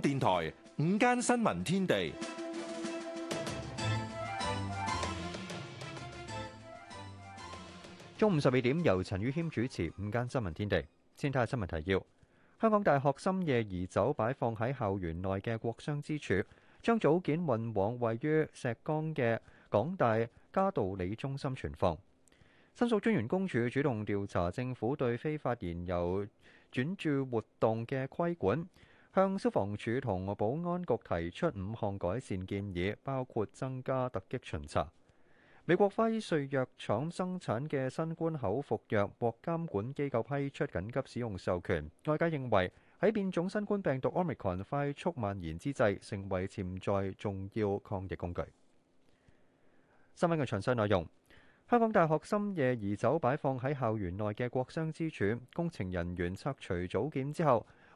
電台午間新聞天地，中午十二點由陳宇謙主持《午間新聞天地》。先睇下新聞提要：香港大學深夜移走擺放喺校園內嘅國殤之柱，將組件運往位於石崗嘅港大加道理中心存放。申訴專員公署主，主動調查政府對非法燃油轉注活動嘅規管。向消防處同保安局提出五項改善建議，包括增加突擊巡查。美國輝瑞藥廠生產嘅新冠口服藥獲監管機構批出緊急使用授權，外界認為喺變種新冠病毒 Omicron 快速蔓延之際，成為潛在重要抗疫工具。新聞嘅詳細內容：香港大學深夜移走擺放喺校園內嘅國殤之柱，工程人員拆除組件之後。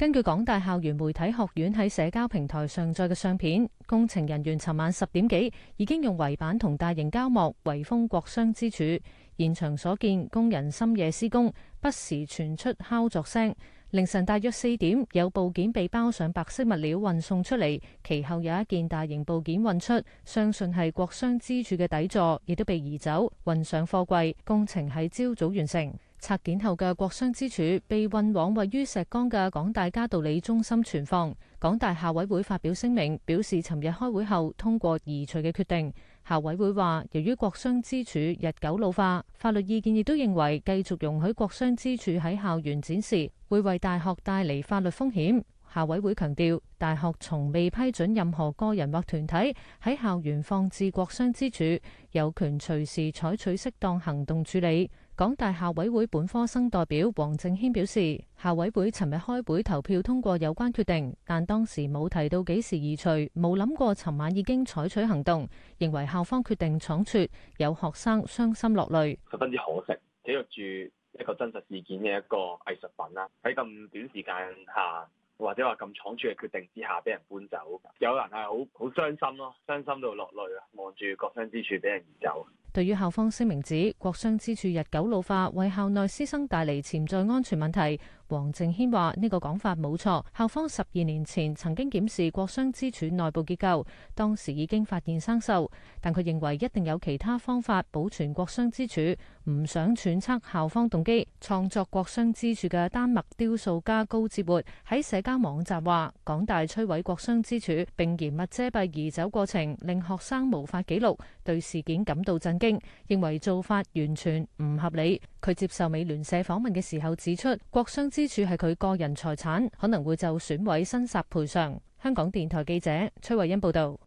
根據港大校園媒體學院喺社交平台上載嘅相片，工程人員尋晚十點幾已經用圍板同大型膠膜圍封國殤之柱。現場所見，工人深夜施工，不時傳出敲作聲。凌晨大約四點，有部件被包上白色物料運送出嚟，其後有一件大型部件運出，相信係國殤之柱嘅底座，亦都被移走運上貨櫃。工程喺朝早完成。拆件後嘅國殤之柱被運往位於石崗嘅港大嘉道理中心存放。港大校委會發表聲明，表示尋日開會後通過移除嘅決定。校委會話，由於國殤之柱日久老化，法律意見亦都認為繼續容許國殤之柱喺校園展示會為大學帶嚟法律風險。校委會強調，大學從未批准任何個人或團體喺校園放置國殤之柱，有權隨時採取適當行動處理。港大校委會本科生代表黃正軒表示，校委會尋日開會投票通過有關決定，但當時冇提到幾時移除，冇諗過尋晚已經採取行動，認為校方決定倉促，有學生傷心落淚，十分之可惜，記錄住一個真實事件嘅一個藝術品啦，喺咁短時間下，或者話咁倉促嘅決定之下，俾人搬走，有人係好好傷心咯，傷心到落淚啊，望住國殤之處俾人移走。對於校方聲明指，國商支柱日久老化，為校內師生帶嚟潛在安全問題。黃正軒話：呢、這個講法冇錯，校方十二年前曾經檢視國殤之柱內部結構，當時已經發現生鏽。但佢認為一定有其他方法保存國殤之柱，唔想揣測校方動機。創作國殤之柱嘅丹麥雕塑家高志活，喺社交網站話：港大摧毀國殤之柱，並嚴密遮蔽移走過程，令學生無法紀錄，對事件感到震驚，認為做法完全唔合理。佢接受美聯社訪問嘅時候指出，國殤之之處係佢個人財產，可能會就損毀、新殺賠償。香港電台記者崔慧欣報道。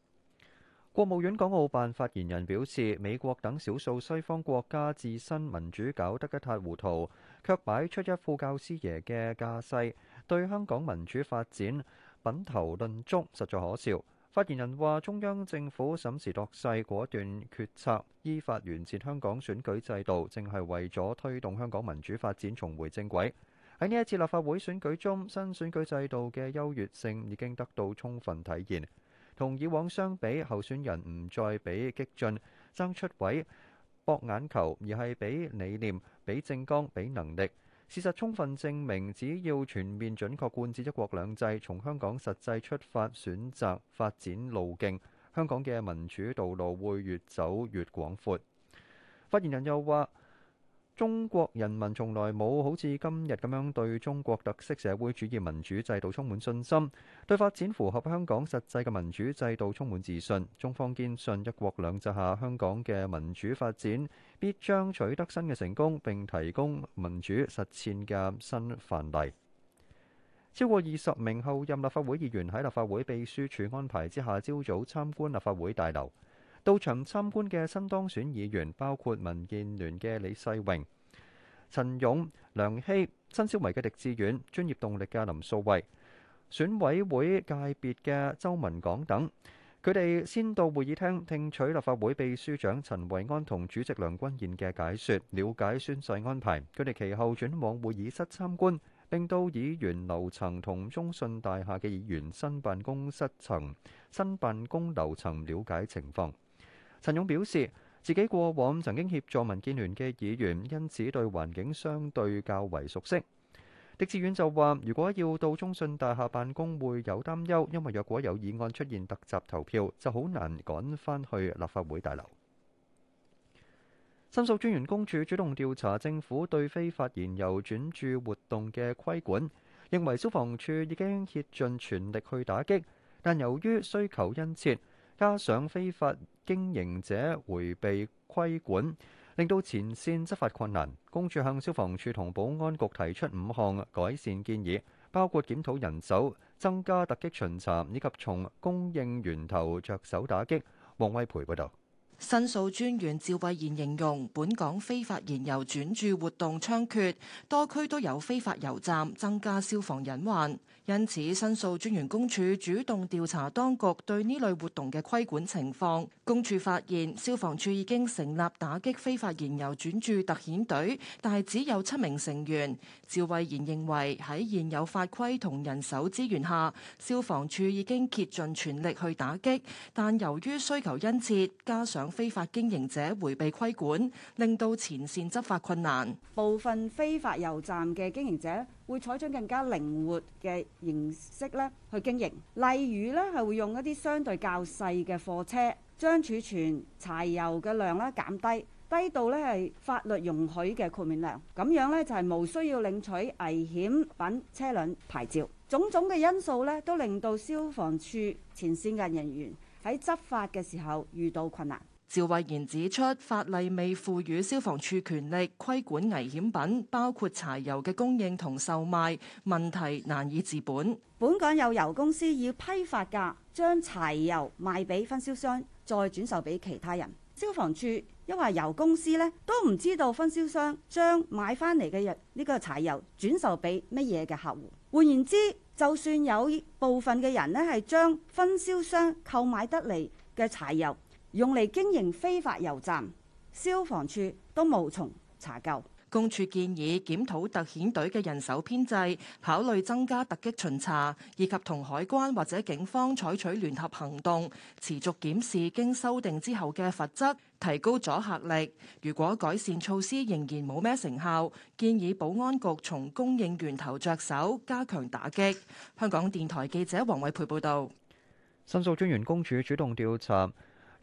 國務院港澳辦發言人表示，美國等少數西方國家自身民主搞得一塌糊塗，卻擺出一副教師爺嘅架勢，對香港民主發展品頭論足，實在可笑。發言人話：中央政府審時度勢，果斷決策，依法完善香港選舉制度，正係為咗推動香港民主發展重回正軌。喺呢一次立法會選舉中，新選舉制度嘅優越性已經得到充分體現。同以往相比，候選人唔再比激進、爭出位、博眼球，而係比理念、比政綱、比能力。事實充分證明，只要全面準確貫徹一國兩制，從香港實際出發選擇發展路徑，香港嘅民主道路會越走越廣闊。發言人又話。中國人民從來冇好似今日咁樣對中國特色社會主義民主制度充滿信心，對發展符合香港實際嘅民主制度充滿自信。中方堅信，一國兩制下香港嘅民主發展必將取得新嘅成功，並提供民主實踐嘅新範例。超過二十名候任立法會議員喺立法會秘書處安排之下，朝早參觀立法會大樓。到場參觀嘅新當選議員包括民建聯嘅李世榮、陳勇、梁熙、新思維嘅狄志遠、專業動力嘅林素慧、選委會界別嘅周文港等。佢哋先到會議廳聽取立法會秘書長陳維安同主席梁君彥嘅解說，瞭解宣誓安排。佢哋其後轉往會議室參觀，並到議員樓層同中信大廈嘅議員新辦公室層、新辦公樓層了解情況。陳勇表示自己過往曾經協助民建聯嘅議員，因此對環境相對較為熟悉。狄志遠就話：如果要到中信大廈辦公，會有擔憂，因為若果有議案出現特集投票，就好難趕返去立法會大樓。申訴專員公署主動調查政府對非法燃油轉注活動嘅規管，認為消防處已經竭盡全力去打擊，但由於需求殷切，加上非法經營者迴避規管，令到前線執法困難。公署向消防處同保安局提出五項改善建議，包括檢討人手、增加突擊巡查以及從供應源頭着手打擊。黃威培報導。申訴專員趙慧賢形容本港非法燃油轉注活動猖獗，多區都有非法油站，增加消防隱患。因此，申訴專員公署主動調查當局對呢類活動嘅規管情況。公署發現消防處已經成立打擊非法燃油轉注特遣隊，但只有七名成員。趙慧賢認為喺現有法規同人手資源下，消防處已經竭盡全力去打擊，但由於需求殷切，加上非法經營者回避規管，令到前線執法困難。部分非法油站嘅經營者會採取更加靈活嘅形式咧去經營，例如咧係會用一啲相對較細嘅貨車將儲存柴油嘅量啦減低，低到咧係法律容許嘅豁免量。咁樣咧就係無需要領取危險品車輛牌照。種種嘅因素咧都令到消防處前線嘅人員喺執法嘅時候遇到困難。趙慧賢指出，法例未賦予消防處權力規管危險品，包括柴油嘅供應同售賣問題難以治本。本港有油公司以批發價將柴油賣俾分銷商，再轉售俾其他人。消防處因為油公司咧都唔知道分銷商將買翻嚟嘅呢個柴油轉售俾乜嘢嘅客戶。換言之，就算有部分嘅人咧係將分銷商購買得嚟嘅柴油，用嚟經營非法油站，消防處都無從查究。公署建議檢討特遣隊嘅人手編制，考慮增加突擊巡查，以及同海關或者警方採取聯合行動，持續檢視經修訂之後嘅罰則，提高阻嚇力。如果改善措施仍然冇咩成效，建議保安局從供應源頭着手，加強打擊。香港電台記者黃偉培報道。申訴專員公署主、主動調查。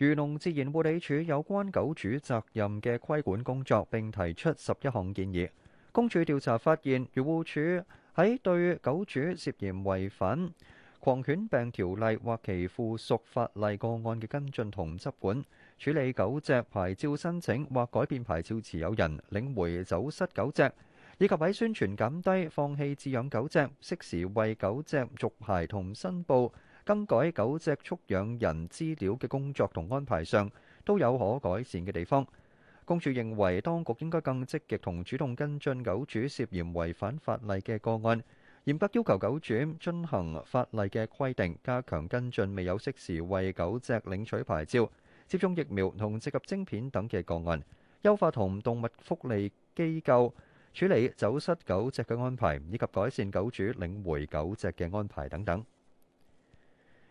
漁農自然護理署有關狗主責任嘅規管工作，並提出十一項建議。公署調查發現，漁護署喺對狗主涉嫌違反狂犬病條例或其附屬法例個案嘅跟進同執管、處理狗隻牌照申請或改變牌照持有人、領回走失狗隻，以及喺宣傳減低、放棄飼養狗隻、適時為狗隻續牌同申報、更改狗隻畜養人資料嘅工作同安排上都有可改善嘅地方。公署認為當局應該更積極同主動跟進狗主涉嫌違反法例嘅個案，嚴格要求狗主遵循法例嘅規定，加強跟進未有適時為狗隻領取牌照、接種疫苗同植入晶片等嘅個案，優化同動物福利機構處理走失狗隻嘅安排，以及改善狗主領回狗隻嘅安排等等。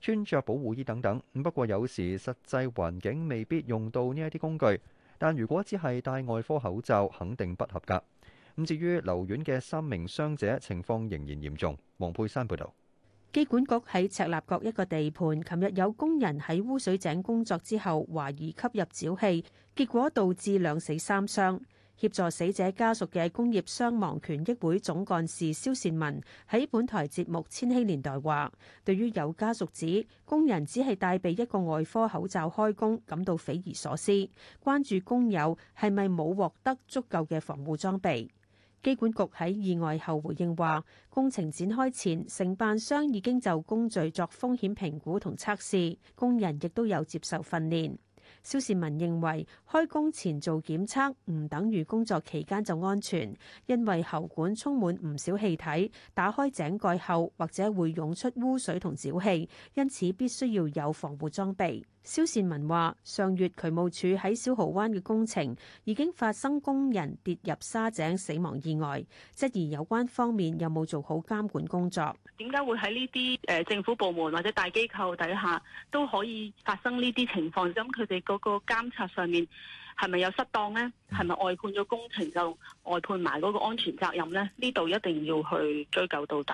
穿着保護衣等等，不過有時實際環境未必用到呢一啲工具。但如果只係戴外科口罩，肯定不合格。咁至於留院嘅三名傷者，情況仍然嚴重。黃佩珊報導。機管局喺赤鱲角一個地盤，琴日有工人喺污水井工作之後，懷疑吸入沼氣，結果導致兩死三傷。協助死者家屬嘅工業傷亡權益會總幹事蕭善文喺本台節目《千禧年代》話：對於有家屬指工人只係帶備一個外科口罩開工，感到匪夷所思，關注工友係咪冇獲得足夠嘅防護裝備。機管局喺意外後回應話，工程展開前，承辦商已經就工序作風險評估同測試，工人亦都有接受訓練。肖市民認為，開工前做檢測唔等於工作期間就安全，因為喉管充滿唔少氣體，打開井蓋後或者會湧出污水同沼氣，因此必須要有防護裝備。肖善民話：上月渠務署喺小濠灣嘅工程已經發生工人跌入沙井死亡意外，質疑有關方面有冇做好監管工作？點解會喺呢啲誒政府部門或者大機構底下都可以發生呢啲情況？咁佢哋嗰個監察上面係咪有失當呢？係咪外判咗工程就外判埋嗰個安全責任呢？呢度一定要去追究到底。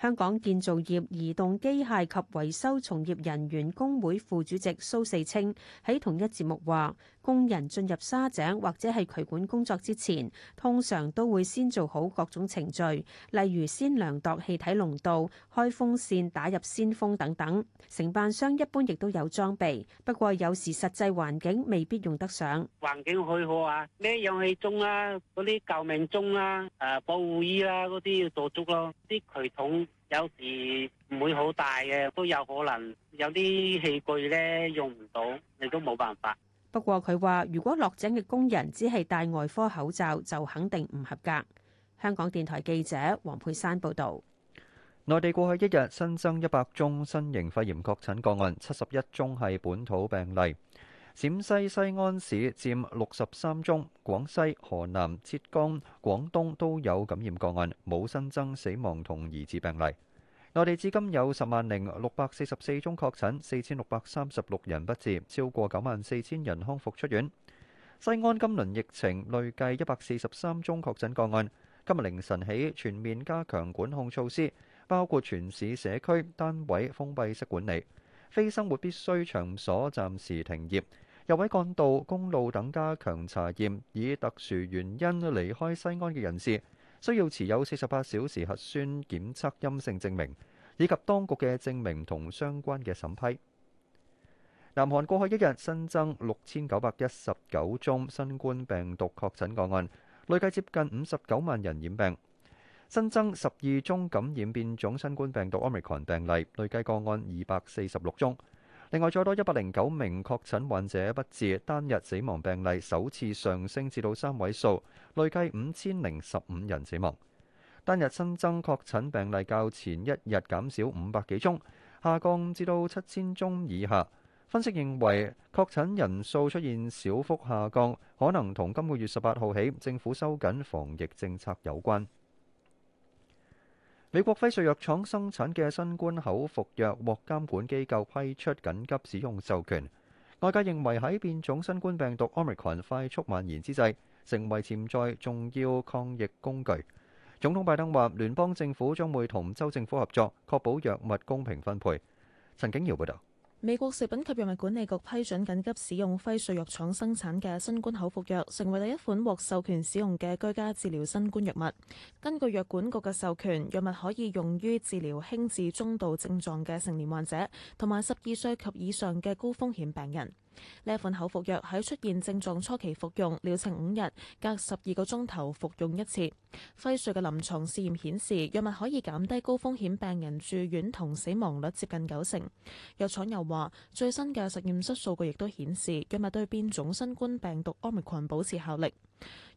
香港建造業移動機械及維修從業人員工會副主席蘇四清，喺同一節目話。工人進入沙井或者係渠管工作之前，通常都會先做好各種程序，例如先量度氣體濃度、開風扇、打入鮮風等等。承辦商一般亦都有裝備，不過有時實際環境未必用得上。環境許可啊，咩氧氣鐘啦、嗰啲救命鐘啦、誒保護衣啦嗰啲要做足咯。啲渠桶有時唔會好大嘅，都有可能有啲器具咧用唔到，你都冇辦法。不過，佢話如果落井嘅工人只係戴外科口罩，就肯定唔合格。香港電台記者黃佩珊報導，內地過去一日新增一百宗新型肺炎確診個案，七十一宗係本土病例。陝西西安市佔六十三宗，廣西、河南、浙江、廣東都有感染個案，冇新增死亡同疑似病例。內地至今有十萬零六百四十四宗確診，四千六百三十六人不治，超過九萬四千人康復出院。西安今輪疫情累計一百四十三宗確診個案，今日凌晨起全面加強管控措施，包括全市社區單位封閉式管理，非生活必需場所暫時停業，有位幹道、公路等加強查驗，以特殊原因離開西安嘅人士。需要持有四十八小時核酸檢測陰性證明，以及當局嘅證明同相關嘅審批。南韓過去一日新增六千九百一十九宗新冠病毒確診個案，累計接近五十九萬人染病。新增十二宗感染變種新冠病毒 Omicron 病例，累計個案二百四十六宗。另外，再多一百零九名確診患者不治，單日死亡病例首次上升至到三位數，累計五千零十五人死亡。單日新增確診病例較前一日減少五百幾宗，下降至到七千宗以下。分析認為，確診人數出現小幅下降，可能同今個月十八號起政府收緊防疫政策有關。美國輝瑞藥廠生產嘅新冠口服藥獲監管機構批出緊急使用授權，外界認為喺變種新冠病毒 Omicron 快速蔓延之際，成為潛在重要抗疫工具。總統拜登話，聯邦政府將會同州政府合作，確保藥物公平分配。陳景堯報道。美國食品及藥物管理局批准緊急使用輝瑞藥廠生產嘅新冠口服藥，成為第一款獲授權使用嘅居家治療新冠藥物。根據藥管局嘅授權，藥物可以用於治療輕至中度症狀嘅成年患者，同埋十二歲及以上嘅高風險病人。呢一份口服藥喺出現症狀初期服用，療程五日，隔十二個鐘頭服用一次。輝瑞嘅臨床試驗顯示，藥物可以減低高風險病人住院同死亡率接近九成。藥廠又話，最新嘅實驗室數據亦都顯示，藥物對變種新冠病毒 Omicron 保持效力。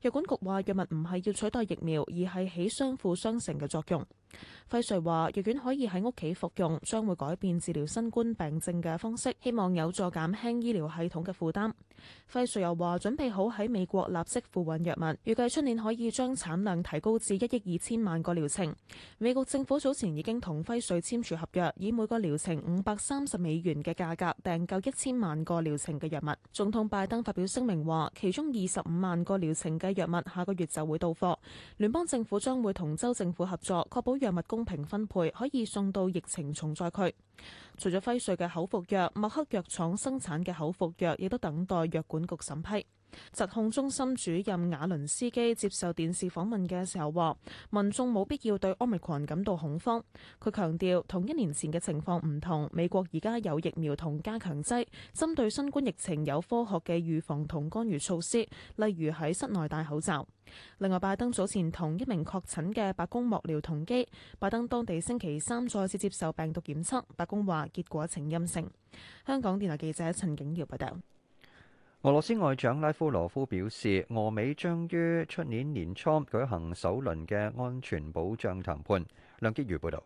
藥管局話藥物唔係要取代疫苗，而係起相輔相成嘅作用。輝瑞話藥丸可以喺屋企服用，將會改變治療新冠病症嘅方式，希望有助減輕醫療系統嘅負擔。輝瑞又話準備好喺美國立即付運藥物，預計出年可以將產量提高至一億二千萬個療程。美國政府早前已經同輝瑞簽署合約，以每個療程五百三十美元嘅價格訂購一千萬個療程嘅藥物。總統拜登發表聲明話，其中二十五萬個療程嘅藥物下個月就會到貨。聯邦政府將會同州政府合作，確保藥物公平分配，可以送到疫情重災區。除咗輝瑞嘅口服藥，默克藥廠生產嘅口服藥亦都等待藥管局審批。疾控中心主任瓦倫斯基接受電視訪問嘅時候話，民眾冇必要對奧密克戎感到恐慌。佢強調，同一年前嘅情況唔同，美國而家有疫苗同加強劑，針對新冠疫情有科學嘅預防同干預措施，例如喺室內戴口罩。另外，拜登早前同一名確診嘅白宮幕僚同機，拜登當地星期三再次接受病毒檢測，白宮話結果呈陰性。香港電台記者陳景瑤報道。俄羅斯外長拉夫羅夫表示，俄美將於出年年初舉行首輪嘅安全保障談判。梁潔如報導。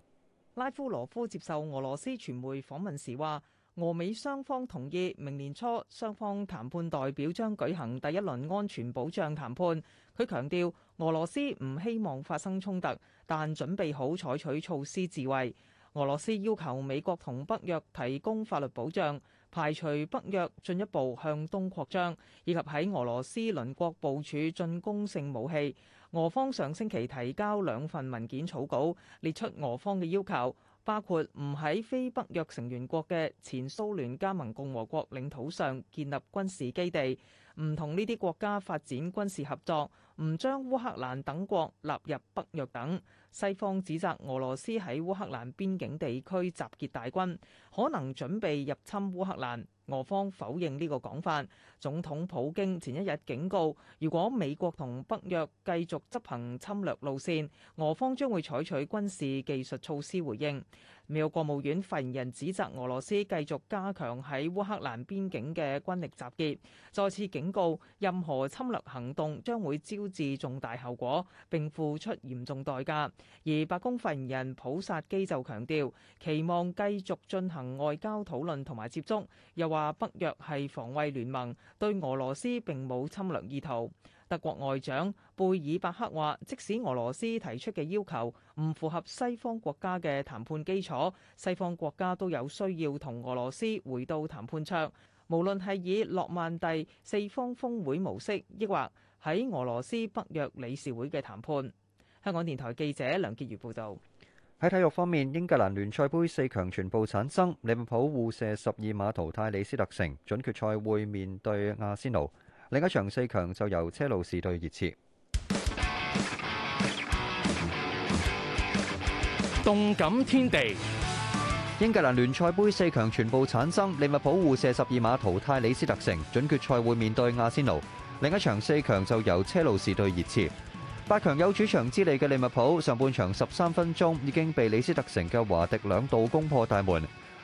拉夫羅夫接受俄羅斯傳媒訪問時話，俄美雙方同意明年初雙方談判代表將舉行第一輪安全保障談判。佢強調，俄羅斯唔希望發生衝突，但準備好採取措施自衛。俄羅斯要求美國同北約提供法律保障。排除北約進一步向東擴張，以及喺俄羅斯鄰國部署進攻性武器。俄方上星期提交兩份文件草稿，列出俄方嘅要求，包括唔喺非北約成員國嘅前蘇聯加盟共和國領土上建立軍事基地，唔同呢啲國家發展軍事合作，唔將烏克蘭等國納入北約等。西方指責俄羅斯喺烏克蘭邊境地區集結大軍，可能準備入侵烏克蘭。俄方否認呢個講法。總統普京前一日警告，如果美國同北約繼續執行侵略路線，俄方將會採取軍事技術措施回應。美國國務院發言人指責俄羅斯繼續加強喺烏克蘭邊境嘅軍力集結，再次警告任何侵略行動將會招致重大後果，並付出嚴重代價，而白宮發言人普薩基就強調期望繼續進行外交討論同埋接觸。又話。話北約係防衛聯盟，對俄羅斯並冇侵略意圖。德國外長貝爾伯克話，即使俄羅斯提出嘅要求唔符合西方國家嘅談判基礎，西方國家都有需要同俄羅斯回到談判桌，無論係以諾曼第四方峰會模式，抑或喺俄羅斯北約理事會嘅談判。香港電台記者梁潔如報道。喺體育方面，英格蘭聯賽盃四強全部產生，利物浦互射十二碼淘汰李斯特城，準決賽會面對阿仙奴。另一場四強就由車路士對熱刺。動感天地，英格蘭聯賽盃四強全部產生，利物浦互射十二碼淘汰李斯特城，準決賽會面對阿仙奴。另一場四強就由車路士對熱刺。八強有主場之利嘅利物浦，上半場十三分鐘已經被李斯特城嘅華迪兩度攻破大門。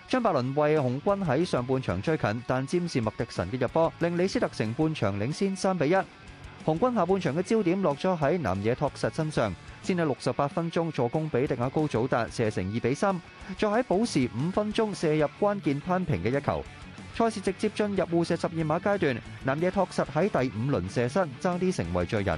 張伯倫為紅軍喺上半場追近，但占士麥迪神嘅入波，令李斯特城半場領先三比一。紅軍下半場嘅焦點落咗喺南野拓實身上，先喺六十八分鐘助攻比迪亞高祖達射成二比三，再喺補時五分鐘射入關鍵扳平嘅一球。賽事直接進入互射十二碼階段，南野拓實喺第五輪射失，爭啲成為罪人。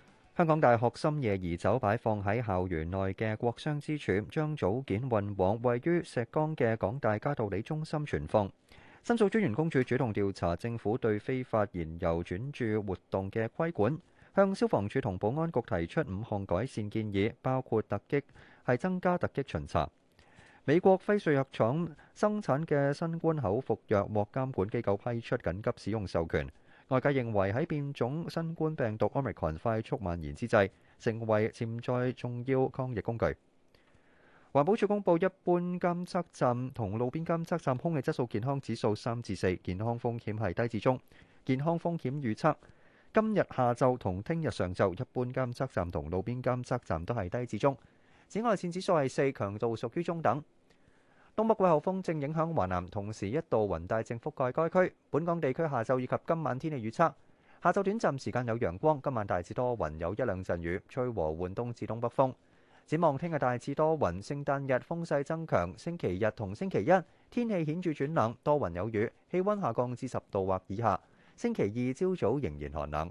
香港大學深夜移走擺放喺校園內嘅國殤之柱，將組件運往位於石崗嘅港大嘉道理中心存放。申訴專員公署主動調查政府對非法燃油轉注活動嘅規管，向消防處同保安局提出五項改善建議，包括突擊係，增加突擊巡查。美國輝瑞藥廠生產嘅新冠口服藥獲監管機構批出緊急使用授權。外界認為喺變種新冠病毒 Omicron 快速蔓延之際，成為潛在重要抗疫工具。環保署公布一般監測站同路邊監測站空氣質素健康指數三至四，健康風險係低至中。健康風險預測今日下晝同聽日上晝一般監測站同路邊監測站都係低至中。紫外線指數係四，強度屬於中等。東北季候風正影響華南，同時一道雲帶正覆蓋該區。本港地區下晝以及今晚天氣預測：下晝短暫時間有陽光，今晚大致多雲，有一兩陣雨，吹和緩東至東北風。展望聽日大致多雲，聖誕日風勢增強，星期日同星期一天氣顯著轉冷，多雲有雨，氣溫下降至十度或以下。星期二朝早仍然寒冷。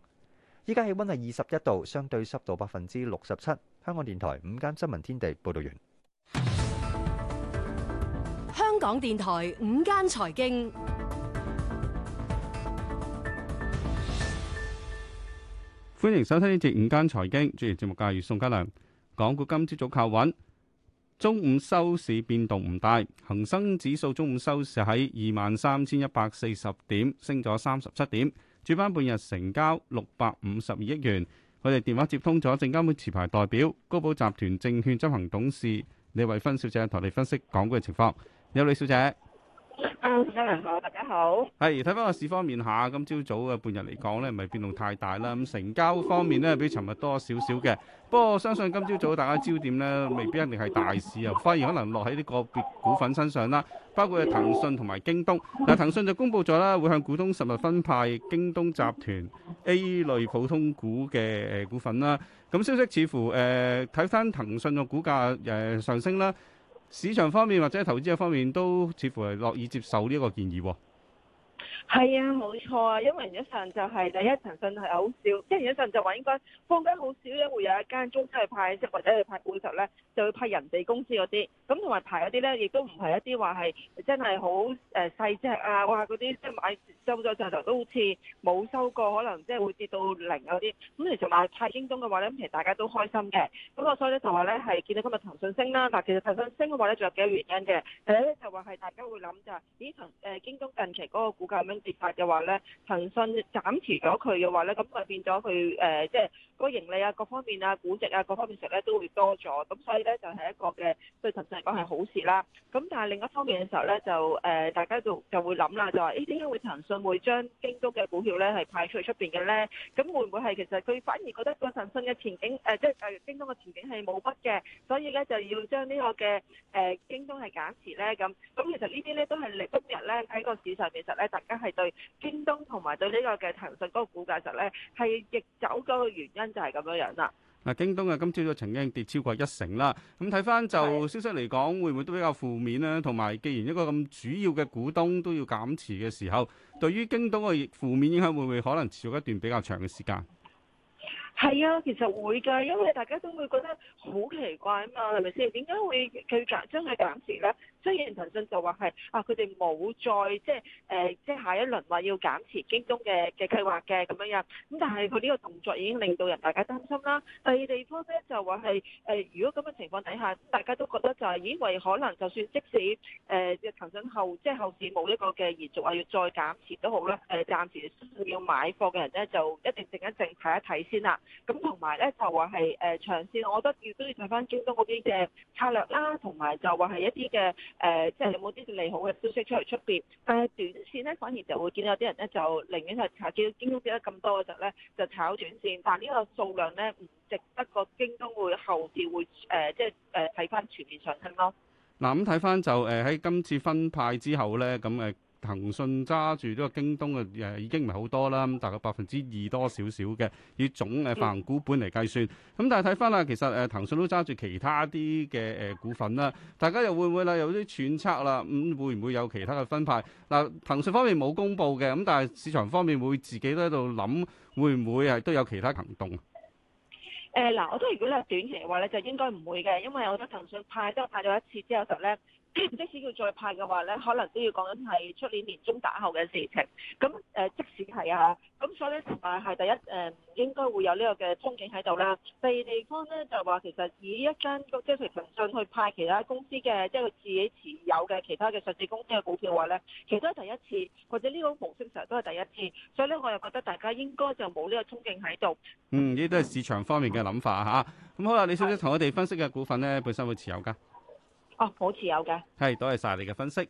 依家氣溫係二十一度，相對濕度百分之六十七。香港電台午間新聞天地報道完。香港電台午間財經。歡迎收聽呢節午間財經，主持節目嘅係宋嘉良。港股今朝早靠穩，中午收市變動唔大，恒生指數中午收市喺，二萬三千一百四十點，升咗三十七點。主板半日成交六百五十二億元。我哋電話接通咗證監會持牌代表高寶集團證券執行董事李慧芬小姐，同你分析港股嘅情況。有李小姐。啊，大家好，大家好。係睇翻個市方面下，今朝早嘅半日嚟講咧，唔係變動太大啦。咁成交方面咧，比尋日多少少嘅。不過相信今朝早，早大家焦點咧，未必一定係大市啊，反而可能落喺呢個別股份身上啦。包括騰訊同埋京東。嗱，騰訊就公布咗啦，會向股東實物分派京東集團 A 類普通股嘅誒股份啦。咁消息似乎誒睇翻騰訊嘅股價誒、呃、上升啦。市場方面或者投資者方面都似乎係樂意接受呢個建議。係啊，冇錯啊，因為有一陣就係第一騰訊係好少，即係有一陣就話應該坊間好少咧會有一間公司去派息或者去派股嘅時候咧，就會派人哋公司嗰啲，咁同埋排嗰啲咧亦都唔係一啲話係真係好誒細隻啊，或嗰啲即係買收咗上頭都好似冇收過，可能即係會跌到零嗰啲，咁其實買派京東嘅話咧，其實大家都開心嘅，咁啊所以咧就話咧係見到今日騰訊升啦，但其實騰訊升嘅話咧，仲有幾個原因嘅，第一咧就話係大家會諗就係咦騰京東近期嗰個股價接發嘅話咧，騰訊減持咗佢嘅話咧，咁佢變咗佢誒，即、呃、係、就是、個盈利啊，啊，啊，啊，各方面啊，估值啊，各方面上咧都會多咗，咁所以咧就係一個嘅對騰訊嚟講係好事啦。咁但係另一方面嘅時候咧，就誒、呃、大家就就會諗啦，就話誒點解會騰訊會將京東嘅股票咧係派出去出面嘅咧？咁會唔會係其實佢反而覺得個騰訊嘅前景誒，即係誒京東嘅前景係冇乜嘅，所以咧就要將呢個嘅誒、呃、京東係減持咧咁咁，其實呢啲咧都係嚟今日咧喺個市場其實咧大家係。對京東同埋對呢個嘅騰訊嗰個股價實咧係逆走咗嘅原因就係咁樣樣啦。嗱，京東啊，今朝早曾經跌超過一成啦。咁睇翻就消息嚟講，的會唔會都比較負面咧？同埋，既然一個咁主要嘅股東都要減持嘅時候，對於京東嘅負面影響，會唔會可能持續一段比較長嘅時間？係啊，其實會噶，因為大家都會覺得好奇怪啊嘛，係咪先？點解會佢突然將佢減持咧？所以騰訊就話係啊，佢哋冇再即係誒，即係、呃、下一輪話要減持京東嘅嘅計劃嘅咁樣樣。咁但係佢呢個動作已經令到人大家擔心啦。第二地方咧就話係誒，如果咁嘅情況底下，大家都覺得就係以為可能就算即使誒、呃、騰訊後即係後市冇呢個嘅延續啊，要再減持都好啦。誒、呃、暫時要買貨嘅人咧就一定靜一靜睇一睇先啦。咁同埋咧就話係誒長線，我覺得要都要睇翻京東嗰邊嘅策略啦、啊，同埋就話係一啲嘅。誒、呃，即係有冇啲利好嘅消息出嚟出邊？但、呃、係短線咧，反而就會見到有啲人咧，就寧願係炒到京東跌得咁多嘅時候咧，就炒短線。但係呢個數量咧，唔值得個京東會後市會誒、呃，即係誒睇翻全面上升咯。嗱、啊，咁睇翻就誒喺今次分派之後咧，咁誒。騰訊揸住呢個京東嘅誒已經唔係好多啦，大概百分之二多少少嘅，以總誒發行股本嚟計算。咁但係睇翻啦，其實誒騰訊都揸住其他啲嘅誒股份啦。大家又會唔會啦？有啲揣測啦，咁會唔會有其他嘅分派？嗱，騰訊方面冇公布嘅，咁但係市場方面會自己都喺度諗，會唔會係都有其他行動？誒嗱、呃，我都覺得如果你係短期嘅話咧，就應該唔會嘅，因為我覺得騰訊派都派咗一次之後就咧。即使要再派嘅話咧，可能都要講緊係出年年中打後嘅事情。咁誒，即使係啊，咁所以咧，唔係係第一誒，應該會有呢個嘅憧憬喺度啦。第二地方咧就話，其實以一間即係騰訊去派其他公司嘅，即係佢自己持有嘅其他嘅上市公司嘅股票嘅話咧，其實都係第一次，或者呢個模式成日都係第一次，所以咧，我又覺得大家應該就冇呢個憧憬喺度。嗯，呢啲都係市場方面嘅諗法吓。咁、啊、好啦，李小姐同我哋分析嘅股份咧，本身會持有噶。哦，好持有嘅。係，多謝晒你嘅分析。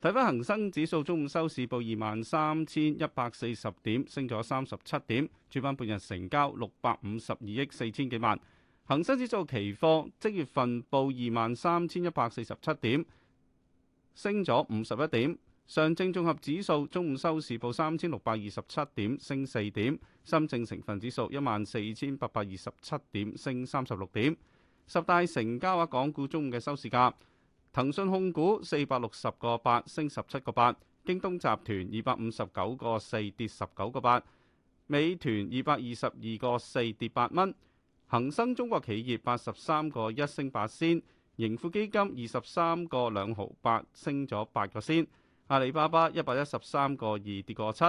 睇翻喂恒生指數中午收市報二萬三千一百四十點，升咗三十七點。主板半日成交六百五十二億四千幾萬。恒生指數期貨即月份報二萬三千一百四十七點，升咗五十一點。上證綜合指數中午收市報三千六百二十七點，升四點。深證成分指數一萬四千八百二十七點，升三十六點。十大成交額港股中午嘅收市價，騰訊控股四百六十個八，升十七個八；京東集團二百五十九個四，跌十九個八；美團二百二十二個四，跌八蚊；恒生中國企業八十三個一，升八仙；盈富基金二十三個兩毫八，升咗八個仙；阿里巴巴一百一十三個二，跌個七；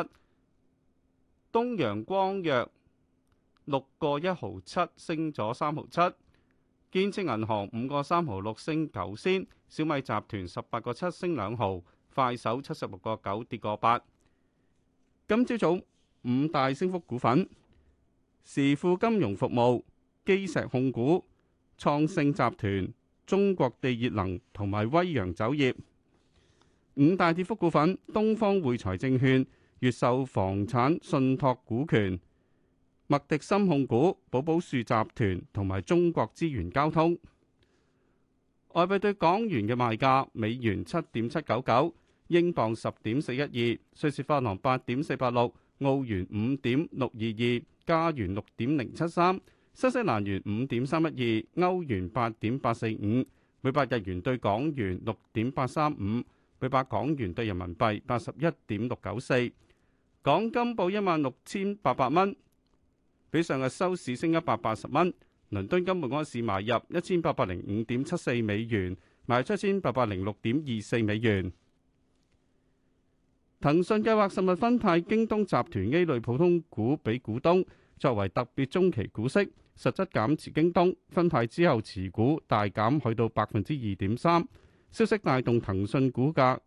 東陽光藥六個一毫七，升咗三毫七。建設銀行五個三毫六，升九仙，小米集團十八個七，升兩毫，快手七十六個九，跌個八。今朝早五大升幅股份：時富金融服務、基石控股、創盛集團、中國地熱能同埋威揚酒業。五大跌幅股份：東方匯財證券、越秀房產信託股權。麥迪森控股、寶寶樹集團同埋中國資源交通。外幣對港元嘅賣價：美元七點七九九，英鎊十點四一二，瑞士法郎八點四八六，澳元五點六二二，加元六點零七三，新西蘭元五點三一二，歐元八點八四五，每百日元對港元六點八三五，每百港元對人民幣八十一點六九四。港金報一萬六千八百蚊。比上日收市升一百八十蚊。倫敦金每盎司買入一千八百零五點七四美元，賣出一千八百零六點二四美元。騰訊計劃實物分派京東集團 A 類普通股俾股東，作為特別中期股息，實質減持京東。分派之後持股大減去到百分之二點三。消息帶動騰訊股價，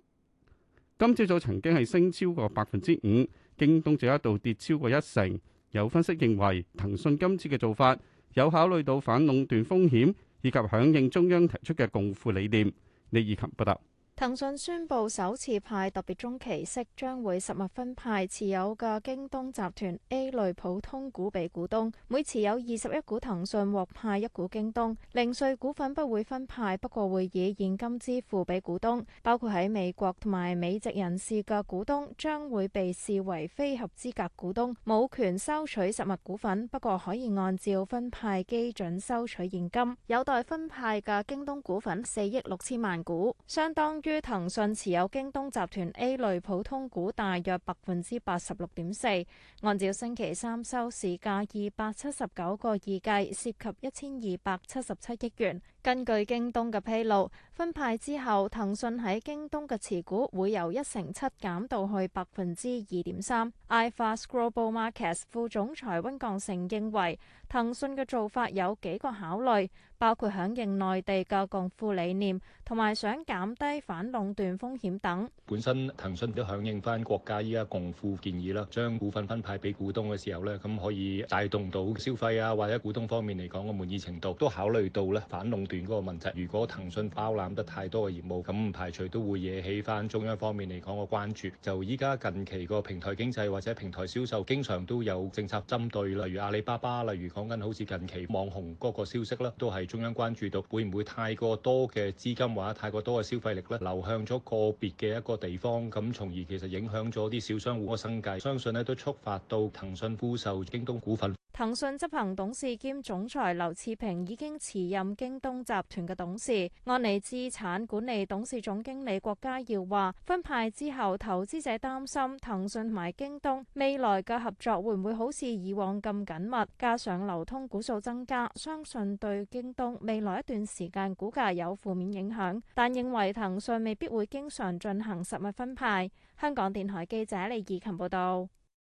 今朝早曾經係升超過百分之五，京東就一度跌超過一成。有分析認為，騰訊今次嘅做法有考慮到反壟斷風險，以及響應中央提出嘅共富理念。李以琴報道。騰訊宣布首次派特別中期息，將會實物分派持有嘅京東集團 A 類普通股俾股東，每持有二十一股騰訊獲派一股京東。零碎股份不會分派，不過會以現金支付俾股東。包括喺美國同埋美籍人士嘅股東將會被視為非合資格股東，冇權收取實物股份，不過可以按照分派基準收取現金。有待分派嘅京東股份四億六千萬股，相當於於騰訊持有京東集團 A 類普通股大約百分之八十六點四，按照星期三收市價二百七十九個二計，涉及一千二百七十七億元。根據京東嘅披露，分派之後，騰訊喺京東嘅持股會由一成七減到去百分之二點三。iFast g l o b o Markets 副總裁温鋼成認為。騰訊嘅做法有幾個考慮，包括響應內地嘅共富理念，同埋想減低反壟斷風險等。本身騰訊都響應翻國家依家，共富建議啦，將股份分派俾股東嘅時候咧，咁可以帶動到消費啊，或者股東方面嚟講嘅滿意程度。都考慮到咧反壟斷嗰個問題。如果騰訊包攬得太多嘅業務，咁唔排除都會惹起翻中央方面嚟講嘅關注。就依家近期個平台經濟或者平台銷售，經常都有政策針對，例如阿里巴巴，例如講緊好似近期網紅嗰個消息咧，都係中央關注到會唔會太過多嘅資金或者太過多嘅消費力咧，流向咗個別嘅一個地方，咁從而其實影響咗啲小商戶嘅生計。相信咧都觸發到騰訊沽售京東股份。騰訊執行董事兼總裁劉熾平已經辭任京東集團嘅董事，安利資產管理董事總經理郭家耀話：分派之後，投資者擔心騰訊同埋京東，未來嘅合作會唔會好似以往咁緊密？加上，流通股數增加，相信對京東未來一段時間股價有負面影響，但認為騰訊未必會經常進行實物分派。香港電台記者李怡勤報道。